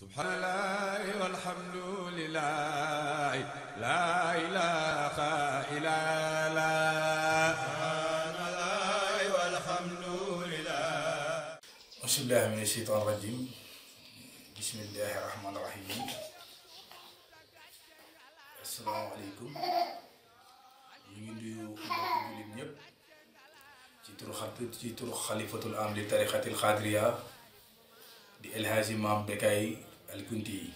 سبحان الله والحمد لله لا إله إلا الله سبحان الله والحمد لله بسم الله من الشيطان الرجيم بسم الله الرحمن الرحيم السلام عليكم ñu خليفة الأمر mbokk julit دي الهازي مام بكاي alkunti yi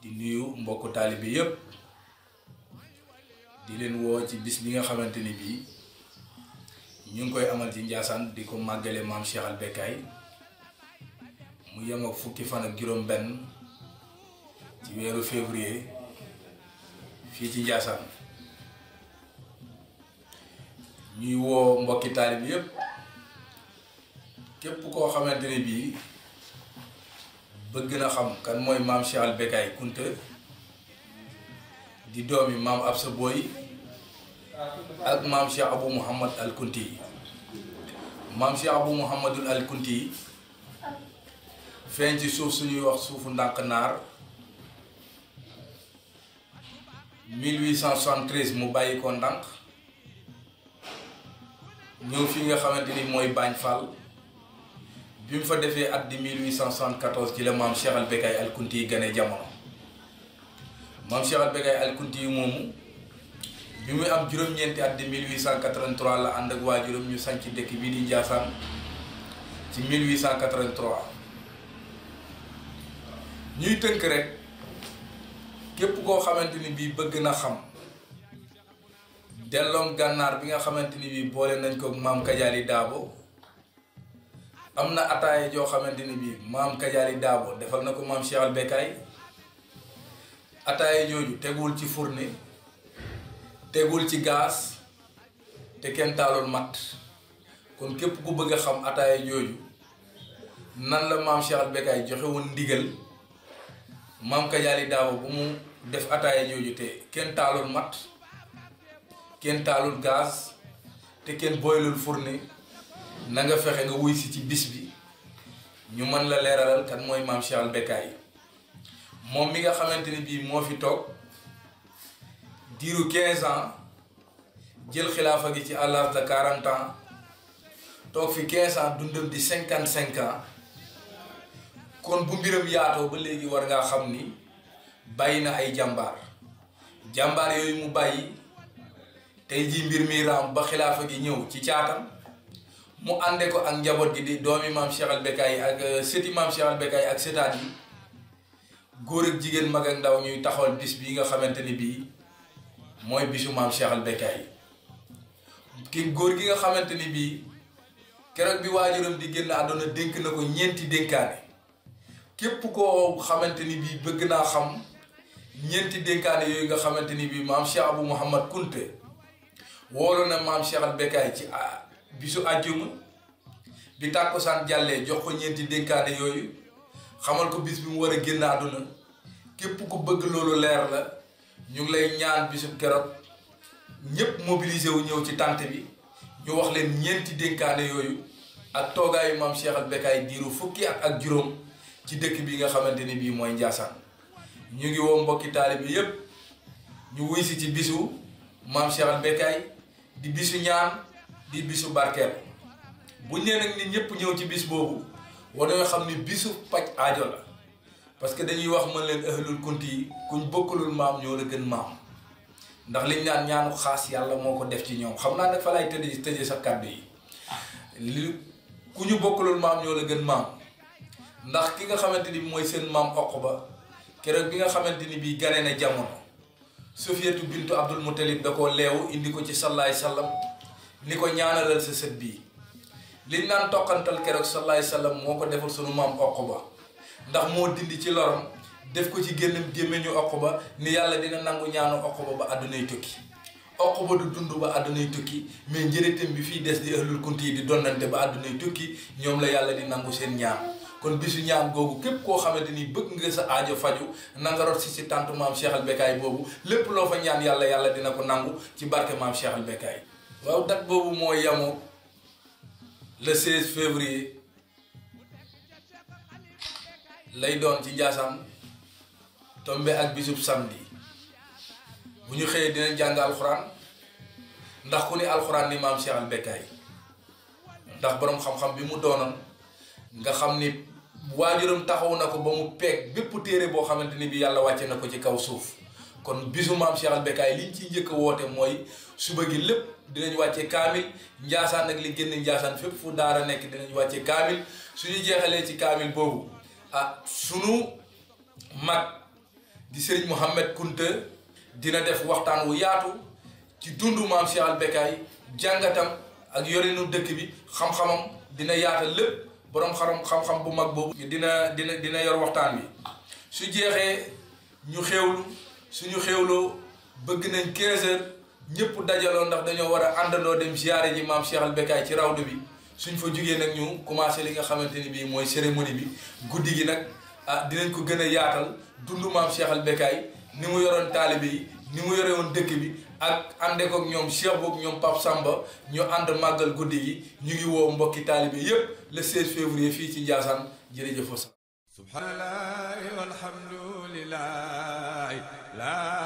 di nuyu mbokku taalibe yépp di leen woo ci bis bi nga xamante ni bii ñu ngi koy amal ci Njaasaan di ko màggale maam Cheikh Al mu yem ak fukki fan ak juróom benn ci weeru février fii ci Njaasaan ñuy woo mbokki taalibe yépp képp koo xamante bii بغي نا خام كان موي مام شال بكاي كونت دي دومي مام ابسا بوي اك مام شيخ ابو محمد الكونتي مام شيخ ابو محمد الكونتي فين جي سوف سني واخ سوف ندانك نار 1873 مو بايكو ندانك ñoo fi nga xamanteni moy bañ fall bi mu fa defee at di 1874 ci la maam Cheikh Al Bekkay Al Kunti yi gane jamono maam Cheikh Al Bekkay yi moomu bi muy am juróom-ñeenti at di 1883 la ànd ak waa juróom ñu sanc dëkk bii di Ndiassane ci 1883 ñuy tënk rek képp koo xamante ni bii bëgg na xam delloom gànnaar bi nga xamante ni bii boole nañ ko maam Kajaali Daabo am na ataaya joo xamante ni bii maam Kajaali Daabo defal na ko maam Cheikh Al Bekaay jooju tegul ci fourne tegul ci gaas te kenn taaloon matt kon képp ku bëgg a xam ataaya jooju nan la maam Cheikh Al Bekaay joxe ndigal maam Kajaali Daabo bu mu def ataaya jooju te kenn taalul matt kenn taalul gaz te kenn boylul fourne na nga fexe nga wuy si ci bis bi ñu mën la leeralal kan mooy maam Cheikh Al moom mi nga xamante ni bii moo fi toog diiru 15 ans jël xilaafa gi ci à l'âge ans toog fi 15 ans dundam di cinquante 55 ans kon bu mbiram yaatoo ba léegi war ngaa xam ni bàyyi na ay jàmbaar jàmbaar yooyu mu bàyyi tey jii mbir mii raam ba xilaafa gi ñëw ci caatal mu ànde ko ak njaboot gi di doomi maam Cheikh Al Becaye ak euh, sëti maam Cheikh Al Becaye ak sëtaat yi góor ak jigéen mag ak ndaw ñuy taxawal bis bii nga xamante ni bii mooy bisu maam Cheikh Al Becaye ki góor gi nga xamante ni bii keroog bi waajuram di génn àdduna dénk na ko ñeenti dénkaane képp ko xamante ni bii bëgg naa xam ñeenti dénkaane yooyu nga xamante ni bii maam Cheikh bu Mouhamad Kunte woolu na maam Cheikh Al ci a ah, bisu àjjuma bi tàkkusaan jàllee jox ko ñeenti dénkaane yooyu xamal ko bis bi mu war a génn àdduna képp ko bëgg loolu leer la ñu ngi lay ñaan bisub keroog ñëpp mobilisé wu ñëw ci tànt bi ñu wax leen ñeenti dénkaane yooyu ak toogaayu maam Cheikh al Bekaay diiru fukki at ak juróom ci dëkk bi nga xamante ni bii mooy Ndiassane ñu ngi woo mbokki taalib yépp ñu wuy si ci bisu maam Cheikh al di bisu ñaan di bisu barkeel bu nee nit ñëpp ñëw ci bis boobu war nañoo xam ni bisu paj ajo la parce que dañuy wax mën leen ahlul kunti yi kuñ bokkalul maam ñoo la gën maam ndax liñ naan ñaanu xaas yàlla moo ko def ci ñoom xam naa nag fa lay tëjee sa kàddu ñu bokkalul maam ñoo la ki nga xamante ni mooy seen maam oq ba keroog bi nga xamante ni bii gane na jamono Sofiyatu bintu Abdul Mutalib da koo leewu indi ko ci sallaay sallam ni ko ñaanalal sa sët bii liñ naan toqantal keroog sallallahu alayhi wasallam moo ko defal sunu maam ba ndax moo dindi ci loram def ko ci génnam gémmiñu ba ni yàlla dina nangu ñaanu Uqba ba àdduna àddunay tukki Uqba du dund ba àddunay tukki mais njëriñam bi fii des di ahlul kunti yi di donnante ba àddunay tukki ñoom la yàlla di nangu seen ñaan kon bisu ñaan googu képp koo xamante ni bëgg nga sa aajo faju nanga rot si si tàntu maam Cheikh Al boobu lépp loo fa ñaan yàlla yàlla dina ko nangu ci barke maam Cheikh Al Becaye waaw date boobu moo yamoo le 16 février lay doon ci Ndiassane tombé ak bisub samedi bu ñu xëyee dinañ jàng alxuraan ndax ku ni alxuraan ni maam Cheikh al Bekkaay ndax boroom xam-xam bi mu doonoon nga xam ni waajuram taxaw na ko ba mu peeg bépp téere boo xamante ni bi yàlla wàcce na ko ci kaw suuf kon bisu maam Cheikh Al Becaye liñ ciy njëkk a woote mooy suba gi lépp dinañ wàcce kaamil njaasaan ak li génn njaasaan fépp fu daara nekk dinañu wàccee kaamil suñu jeexalee ci kaamil boobu ah sunu mag di Serigne Mohamed Kunta dina def waxtaan wu yaatu ci dundu maam Cheikh Al Becaye jàngatam ak yorinu dëkk bi xam-xamam dina yaatal lépp boroom xaram xam-xam bu mag boobu. dina dina dina yor waxtaan bi su jeexee ñu xewlu. suñu xewloo bëgg nañ 15 heures ñëpp dajaloo ndax dañoo war a àndandoo dem ziare ji maam Cheikh Al Becaye ci rawdu bi suñ fa jugee nag ñu commencé li nga xamante ni bii mooy cérémonie bi guddi gi nag ah dinañ ko gën a yaatal dundu maam Cheikh Al Becaye ni mu yoroon taalibe yi ni mu yore woon dëkk bi ak ànde kook ñoom Cheikh boog ñoom Pape Samba ñu ànd màggal guddi gi ñu ngi woo mbokki taalibe yépp le 16 février fii ci Ndiassane jërëjëf Fassane. subhanallah walhamdulillah la